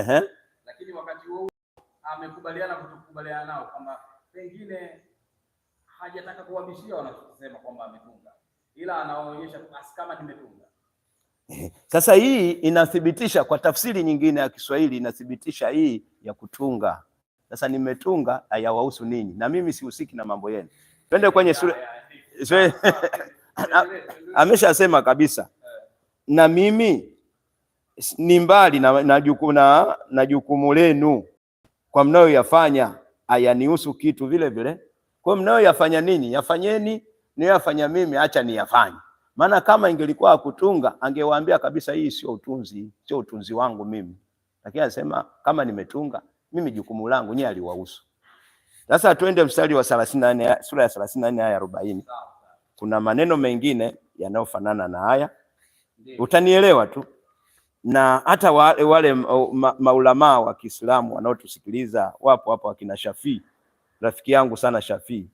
uh -huh. Lakini wakati huo amekubaliana kutokubaliana nao kwamba pengine hajataka kuwabishia wanasema kwamba ametunga, ila anaonyesha kama nimetunga. Sasa hii inathibitisha kwa tafsiri nyingine ya Kiswahili, inathibitisha hii ya kutunga. Sasa nimetunga hayawahusu ninyi na mimi sihusiki na mambo yenu. Twende kwenye sura ameshasema kabisa, na mimi ni mbali na, na, na, na jukumu lenu kwa mnayoyafanya, hayanihusu kitu vile vile. Kwa mnayoyafanya nini, yafanyeni, niyoyafanya mimi acha niyafanye. Maana kama ingelikuwa kutunga, angewaambia kabisa, hii sio utunzi, sio utunzi wangu mimi, lakini anasema kama nimetunga mimi jukumu langu, nyie aliwahusu. Sasa twende mstari wa 34 sura ya 34 aya 40. Kuna maneno mengine yanayofanana na haya, utanielewa tu na hata wale, wale uh, ma, maulamaa wa Kiislamu wanaotusikiliza wapo hapa, wakina Shafii, rafiki yangu sana Shafii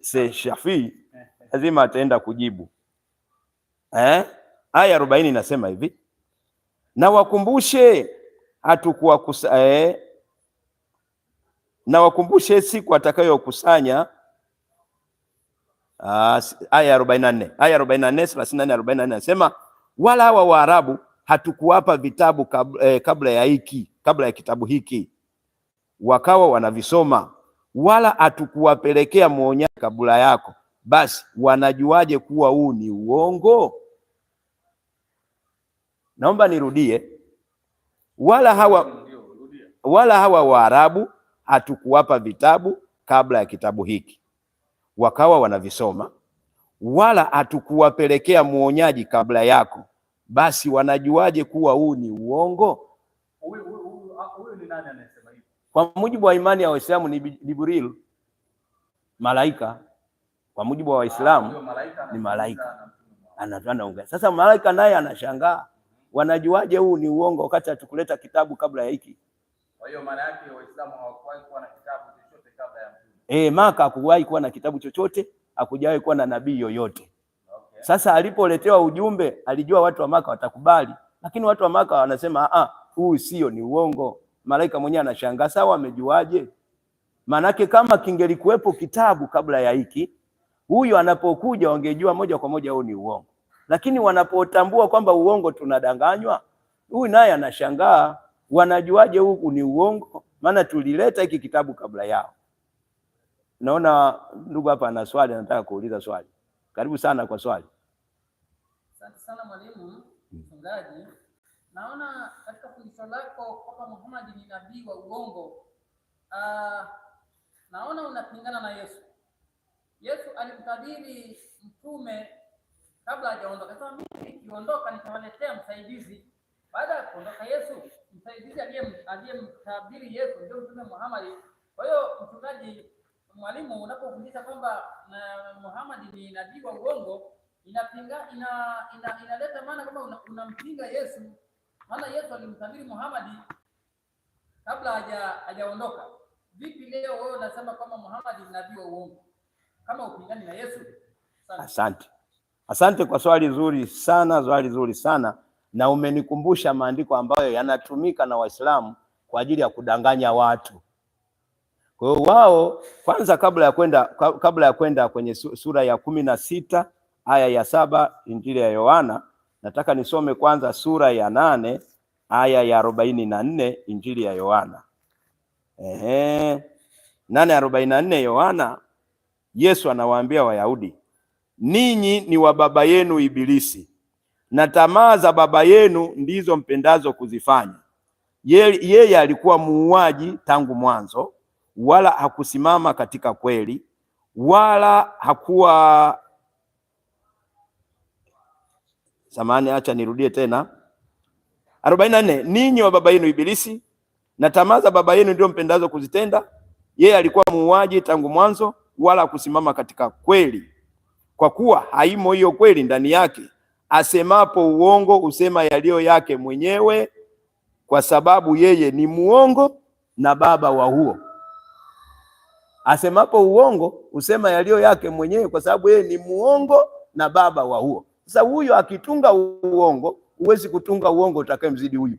se Shafii lazima ataenda kujibu eh? Aya arobaini inasema hivi, na wakumbushe hatukuwakusa eh, na wakumbushe siku atakayokusanya ah, aya arobaini na nne aya arobaini na nne thelathini na nne arobaini na nne anasema wala hawa Waarabu hatukuwapa vitabu kabla, eh, kabla ya hiki kabla ya kitabu hiki wakawa wanavisoma, wala hatukuwapelekea mwonyaji kabla yako, basi wanajuaje kuwa huu ni uongo? Naomba nirudie, wala hawa wala hawa Waarabu hatukuwapa vitabu kabla ya kitabu hiki wakawa wanavisoma, wala hatukuwapelekea mwonyaji kabla yako basi wanajuaje kuwa huu ni uongo? Ah, Kwa mujibu wa imani ya Waislamu ni Jibril, malaika. Kwa mujibu wa Waislamu ah, ni malaika anaongea. Sasa malaika naye anashangaa, wanajuaje huu ni uongo wakati hatukuleta kitabu kabla ya hiki? Kwa hiyo maana yake Waislamu hawakuwahi kuwa na kitabu chochote kabla ya mtume. Eh, Maka hakuwahi kuwa na kitabu chochote, hakujawahi kuwa na nabii yoyote sasa alipoletewa ujumbe alijua watu wa Maka watakubali, lakini watu wa Maka wanasema ah, huu sio, ni uongo. Malaika mwenyewe anashangaa, sawa, amejuaje? Maanake kama kingelikuwepo kitabu kabla ya hiki, huyu anapokuja wangejua moja kwa moja huu ni uongo, lakini wanapotambua kwamba uongo, tunadanganywa, huyu naye anashangaa, wanajuaje huu ni uongo? Maana tulileta hiki kitabu kabla yao. Naona ndugu hapa ana swali, anataka kuuliza swali. Karibu sana kwa swali. Asante sana mwalimu hmm. mchungaji. Naona katika fundisho lako kwamba Muhammad ni nabii wa uongo. Uh, naona unapingana na Yesu. Yesu alimtabiri mtume kabla hajaondoka, akasema mimi nikiondoka nitawaletea msaidizi. Baada ya kuondoka Yesu, msaidizi aliyemtabiri Yesu ndio mtume Muhammad. Kwa hiyo mchungaji mwalimu, unapofundisha kwamba Muhammad ni nabii wa uongo, inapinga ina, ina, inaleta maana kama unampinga una Yesu, maana Yesu alimtabiri Muhammad kabla haja hajaondoka. Vipi leo wewe unasema kwamba Muhammad ni nabii wa uongo kama upingani na Yesu? Asante, asante, asante kwa swali zuri sana, swali zuri sana na umenikumbusha maandiko ambayo yanatumika na Waislamu kwa ajili ya kudanganya watu. Kwa hiyo wao kwanza, kabla ya kwenda kabla ya kwenda kwenye sura ya kumi na sita aya ya saba injili ya Yohana, nataka nisome kwanza sura ya nane aya ya arobaini na nne injili ya Yohana. Ehe, nane arobaini na nne Yohana. Yesu anawaambia Wayahudi, ninyi ni wa baba yenu Ibilisi, na tamaa za baba yenu ndizo mpendazo kuzifanya. Yeye alikuwa muuaji tangu mwanzo wala hakusimama katika kweli, wala hakuwa samani. Acha nirudie tena, arobaini na nne. Ninyi wa baba yenu Ibilisi, na tamaa za baba yenu ndio mpendazo kuzitenda. Yeye alikuwa muuaji tangu mwanzo, wala hakusimama katika kweli, kwa kuwa haimo hiyo kweli ndani yake. Asemapo uongo, usema yaliyo yake mwenyewe, kwa sababu yeye ni muongo na baba wa huo Asemapo uongo usema yaliyo yake mwenyewe, kwa sababu yeye ni muongo na baba wa huo. Sasa huyo akitunga uongo, huwezi kutunga uongo utakayemzidi huyu.